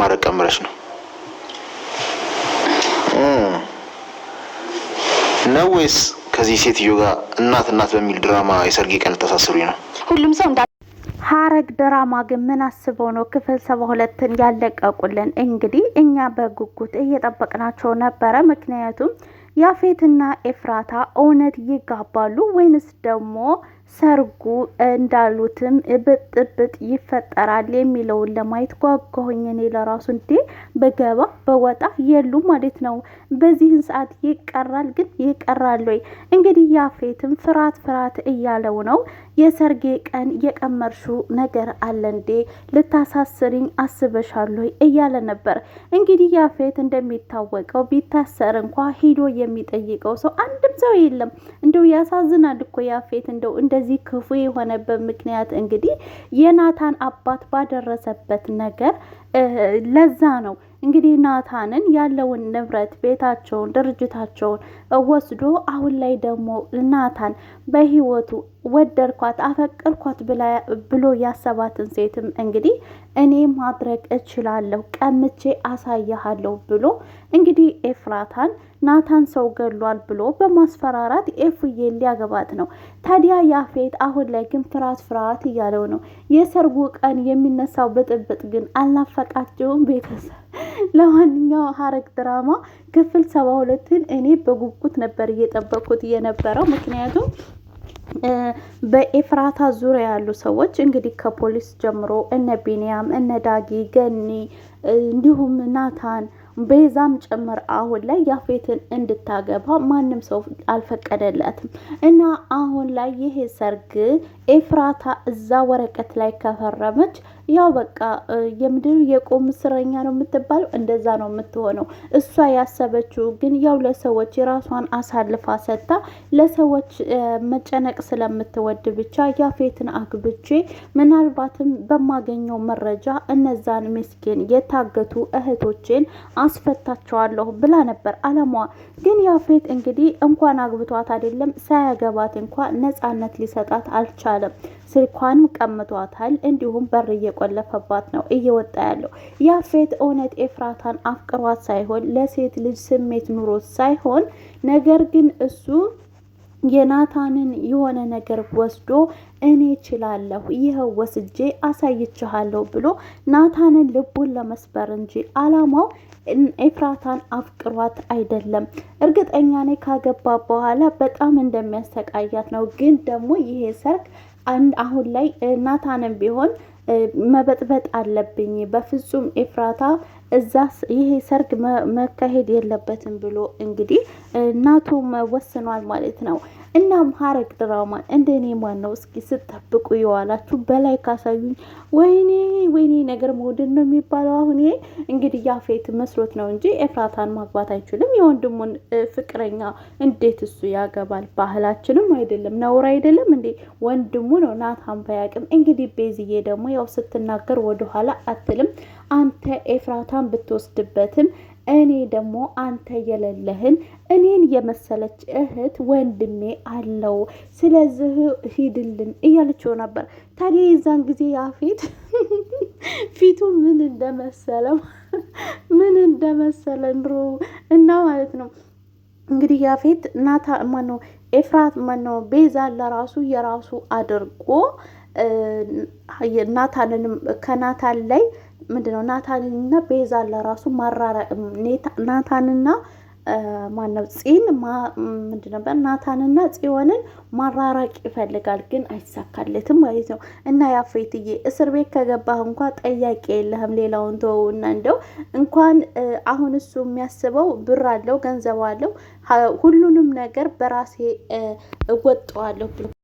ማረቅ ቀምረሽ ነው ነው ወይስ ከዚህ ሴትዮ ጋር እናት እናት በሚል ድራማ የሰርጌ ቀን ልታሳስሩኝ ነው? ሁሉም ሰው እንዳ ሀረግ ድራማ ግን ምን አስበው ነው ክፍል ሰባ ሁለትን ያለቀቁልን? እንግዲህ እኛ በጉጉት እየጠበቅናቸው ነበረ። ምክንያቱም ያፌትና ኤፍራታ እውነት ይጋባሉ ወይንስ ደግሞ ሰርጉ እንዳሉትም ብጥብጥ ይፈጠራል የሚለውን ለማየት ጓጓሁኝ። እኔ ለራሱ እንዴ በገባ በወጣ የሉ ማለት ነው። በዚህን ሰዓት ይቀራል፣ ግን ይቀራል ወይ? እንግዲህ ያፌትም ፍርሃት ፍርሃት እያለው ነው። የሰርጌ ቀን የቀመርሹ ነገር አለ እንዴ? ልታሳስሪኝ አስበሻል ወይ? እያለ ነበር። እንግዲህ ያፌት እንደሚታወቀው ቢታሰር እንኳ ሂዶ የሚጠይቀው ሰው አንድም ሰው የለም። እንደው ያሳዝናል እኮ ያፌት እንደው እንደ እንደዚህ ክፉ የሆነበት ምክንያት እንግዲህ የናታን አባት ባደረሰበት ነገር ለዛ ነው እንግዲህ ናታንን ያለውን ንብረት ቤታቸውን፣ ድርጅታቸውን ወስዶ አሁን ላይ ደግሞ ናታን በህይወቱ ወደድኳት አፈቀርኳት ብሎ ያሰባትን ሴትም እንግዲህ እኔ ማድረግ እችላለሁ ቀምቼ አሳያሃለሁ ብሎ እንግዲህ ኤፍራታን ናታን ሰው ገሏል ብሎ በማስፈራራት ኤፉዬ ሊያገባት ነው። ታዲያ ያፌት አሁን ላይ ግን ፍርሃት ፍርሃት እያለው ነው። የሰርጉ ቀን የሚነሳው ብጥብጥ ግን አልናፈቃቸውም ቤተሰብ ለዋንኛው ሀረግ ድራማ ክፍል ሰባ ሁለትን እኔ በጉጉት ነበር እየጠበኩት የነበረው ምክንያቱም በኤፍራታ ዙሪያ ያሉ ሰዎች እንግዲህ ከፖሊስ ጀምሮ እነ ቢንያም እነ ዳጊ ገኒ እንዲሁም ናታን ቤዛም ጭምር አሁን ላይ ያፌትን እንድታገባ ማንም ሰው አልፈቀደለትም እና አሁን ላይ ይሄ ሰርግ ኤፍራታ እዛ ወረቀት ላይ ከፈረመች ያው በቃ የምድር የቆም እስረኛ ነው የምትባለው፣ እንደዛ ነው የምትሆነው። እሷ ያሰበችው ግን ያው ለሰዎች የራሷን አሳልፋ ሰጥታ ለሰዎች መጨነቅ ስለምትወድ ብቻ ያፌትን አግብቼ ምናልባትም በማገኘው መረጃ እነዛን ምስኪን የታገቱ እህቶቼን አስፈታቸዋለሁ ብላ ነበር አላማዋ። ግን ያፌት እንግዲህ እንኳን አግብቷት አይደለም ሳያገባት እንኳን ነፃነት ሊሰጣት አልቻለም። ስልኳንም ቀምቷታል። እንዲሁም በር እየቆ እየቆለፈባት ነው እየወጣ ያለው። ያፌት እውነት ኤፍራታን አፍቅሯት ሳይሆን ለሴት ልጅ ስሜት ኑሮት ሳይሆን ነገር ግን እሱ የናታንን የሆነ ነገር ወስዶ እኔ ችላለሁ ይኸው ወስጄ አሳይችኋለሁ ብሎ ናታንን ልቡን ለመስበር እንጂ አላማው ኤፍራታን አፍቅሯት አይደለም። እርግጠኛ ነኝ ካገባ በኋላ በጣም እንደሚያሰቃያት ነው። ግን ደግሞ ይሄ ሰርግ አሁን ላይ ናታንን ቢሆን መበጥበጥ አለብኝ፣ በፍጹም ኤፍራታ እዛ ይሄ ሰርግ መካሄድ የለበትም ብሎ እንግዲህ እናቱ ወስኗል ማለት ነው። እናም ሐረግ ድራማን እንደኔ ማን ነው እስኪ ስጠብቁ የዋላችሁ በላይ ካሳዩኝ። ወይኔ ወይኔ ነገር መውደድ ነው የሚባለው። አሁን ይሄ እንግዲህ ያፌት መስሎት ነው እንጂ ኤፍራታን ማግባት አይችልም። የወንድሙን ፍቅረኛ እንዴት እሱ ያገባል? ባህላችንም አይደለም ነውር አይደለም እንዴ? ወንድሙ ነው ናታን ባያቅም። እንግዲህ ቤዝዬ ደግሞ ያው ስትናገር ወደኋላ አትልም። አንተ ኤፍራታን ብትወስድበትም እኔ ደግሞ አንተ የሌለህን እኔን የመሰለች እህት ወንድሜ አለው፣ ስለዚህ ሂድልን እያለችው ነበር። ታዲያ የዛን ጊዜ ያፌት ፊቱ ምን እንደመሰለው ምን እንደመሰለ ኑሮ እና ማለት ነው እንግዲህ ያፌት ናታ ማኖ ኤፍራት ማኖ ቤዛን ለራሱ የራሱ አድርጎ ናታንንም ከናታን ላይ ምንድነው ናታንና ቤዛ ለራሱ ማራራቅ ናታንና ማነው ፂን ምንድን ነበር ናታንና ጽዮንን ማራራቅ ይፈልጋል፣ ግን አይሳካለትም ማለት ነው። እና ያፌትዬ እስር ቤት ከገባህ እንኳ ጠያቂ የለህም። ሌላውን እና እንደው እንኳን አሁን እሱ የሚያስበው ብር አለው፣ ገንዘብ አለው፣ ሁሉንም ነገር በራሴ እወጠዋለሁ ብሎ